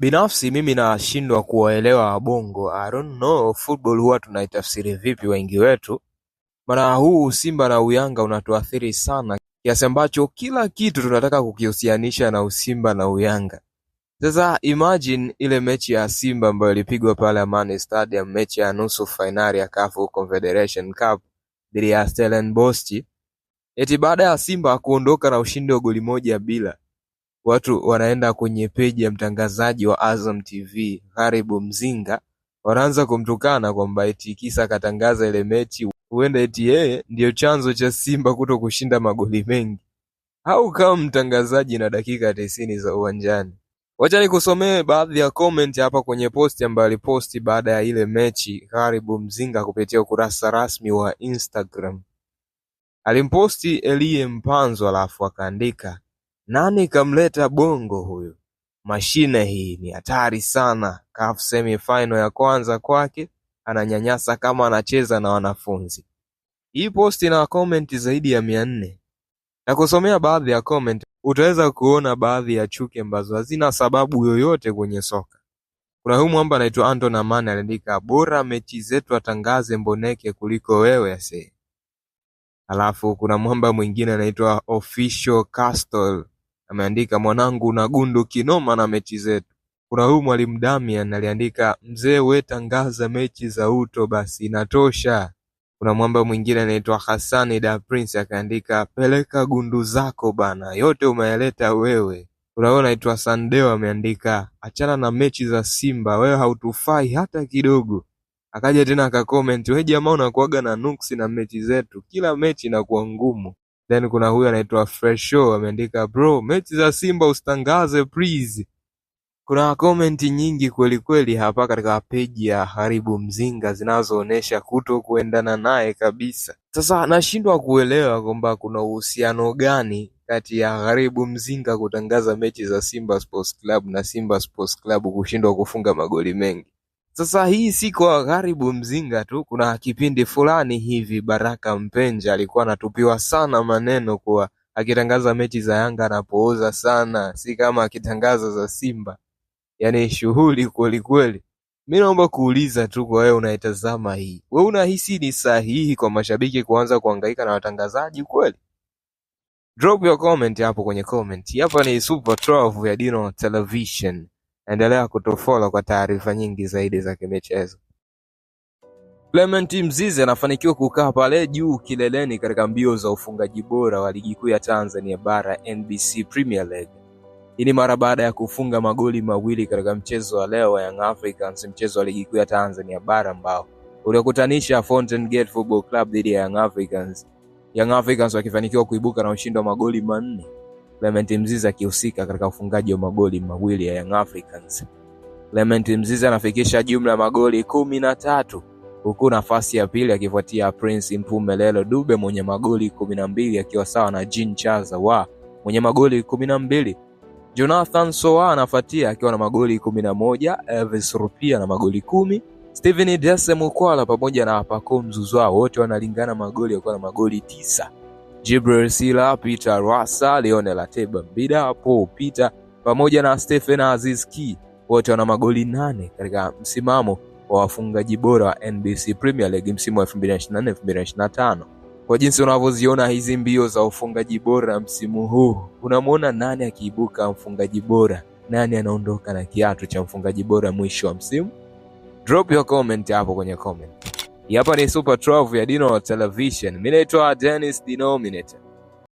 Binafsi mimi nashindwa kuwaelewa wabongo I don't know football huwa tunaitafsiri vipi wengi wetu maana huu Simba na Uyanga unatuathiri sana kiasi ambacho kila kitu tunataka kukihusianisha na Usimba na Uyanga sasa imagine ile mechi ya Simba ambayo ilipigwa pale Amani Stadium mechi ya nusu fainali ya CAF Confederation Cup dhidi ya Stellenbosch eti baada ya Simba kuondoka na ushindi wa goli moja bila watu wanaenda kwenye peji ya mtangazaji wa Azam Tv Gharib Mzinga wanaanza kumtukana kwamba eti kisa katangaza ile mechi, huenda eti yeye ndiyo chanzo cha Simba kuto kushinda magoli mengi. Au kama mtangazaji na dakika tisini za uwanjani. Wacha nikusomee baadhi ya comment hapa kwenye posti ambayo aliposti baada ya ile mechi Gharib Mzinga kupitia ukurasa rasmi wa Instagram. Alimposti Elie Mpanzo alafu akaandika nani kamleta bongo huyu, mashine hii ni hatari sana. CAF semi final ya kwanza kwake ananyanyasa kama anacheza na wanafunzi. Hii post ina comment zaidi ya mia nne na kusomea baadhi ya comment utaweza kuona baadhi ya chuki ambazo hazina sababu yoyote kwenye soka. Kuna huyu mwamba anaitwa Anton Amani aliandika, bora mechi zetu atangaze Mboneke kuliko wewe ase. Alafu kuna mwamba mwingine anaitwa Official Castle ameandika mwanangu na gundu kinoma na mechi zetu. Kuna huyu mwalimu Damian aliandika mzee we tangaza mechi za uto basi inatosha. Kuna mwamba mwingine anaitwa Hasani da Prince akaandika peleka gundu zako bana, yote umeeleta wewe. Kuna anaitwa Sandeo ameandika achana na mechi za Simba, wewe hautufai hata kidogo. Akaja tena akakomenti, we jamaa unakuaga na nuksi na mechi zetu, kila mechi inakuwa ngumu then kuna huyu anaitwa Fresho ameandika bro mechi za Simba usitangaze please kuna komenti nyingi kweli kweli hapa katika peji ya Haribu Mzinga zinazoonyesha kuto kuendana naye kabisa. Sasa nashindwa kuelewa kwamba kuna uhusiano gani kati ya Haribu Mzinga kutangaza mechi za Simba Sports Club na Simba Sports Club kushindwa kufunga magoli mengi. Sasa hii si kwa Gharibu Mzinga tu kuna kipindi fulani hivi Baraka Mpenja alikuwa anatupiwa sana maneno kuwa akitangaza mechi za Yanga anapooza sana, si kama akitangaza za Simba. Yani shughuli kweli kweli. Mimi naomba kuuliza tu kwa wewe unaitazama hii. we unahisi ni sahihi kwa mashabiki kuanza kuhangaika na watangazaji kweli? Drop your comment hapo kwenye comment. Hapa ni Super 12 ya Dino Television. Endelea kutufollow kwa taarifa nyingi zaidi za kimichezo. Clement Mzize anafanikiwa kukaa pale juu kileleni katika mbio za ufungaji bora wa ligi kuu ya Tanzania bara NBC Premier League. Hii ni mara baada ya kufunga magoli mawili katika mchezo wa leo wa Young Africans, mchezo wa ligi kuu ya Tanzania bara ambao uliokutanisha Fountain Gate Football Club dhidi ya Young Africans, Young Africans wakifanikiwa kuibuka na ushindi wa magoli manne Clement Mzize akihusika katika ufungaji wa magoli mawili ya Young Africans. Clement Mzize anafikisha jumla ya magoli kumi na tatu huku nafasi ya pili akifuatia Prince Mpumelelo Dube mwenye magoli kumi na mbili akiwa sawa na Jean Chaza wa mwenye magoli kumi na mbili. Jonathan Soa anafuatia akiwa na magoli kumi na moja, Elvis Rupia na magoli kumi, Steven Dese Mukwala pamoja na pako Mzuzwa wote wanalingana magoli akiwa na magoli tisa. Jibril Sila, Peter Rwasa, Leone Lateba Mbida, Paul Peter pamoja na Stephen Aziz Ki wote wana magoli nane katika msimamo wa wafungaji bora wa NBC Premier League msimu wa 2024 2025. Kwa jinsi unavyoziona hizi mbio za ufungaji bora msimu huu, unamwona nani akiibuka mfungaji bora, nani anaondoka na kiatu cha mfungaji bora mwisho wa msimu? Drop your comment hapo kwenye comment. Hii hapa ni Super 12 ya Dino Television. Mimi naitwa Dennis Dinominator.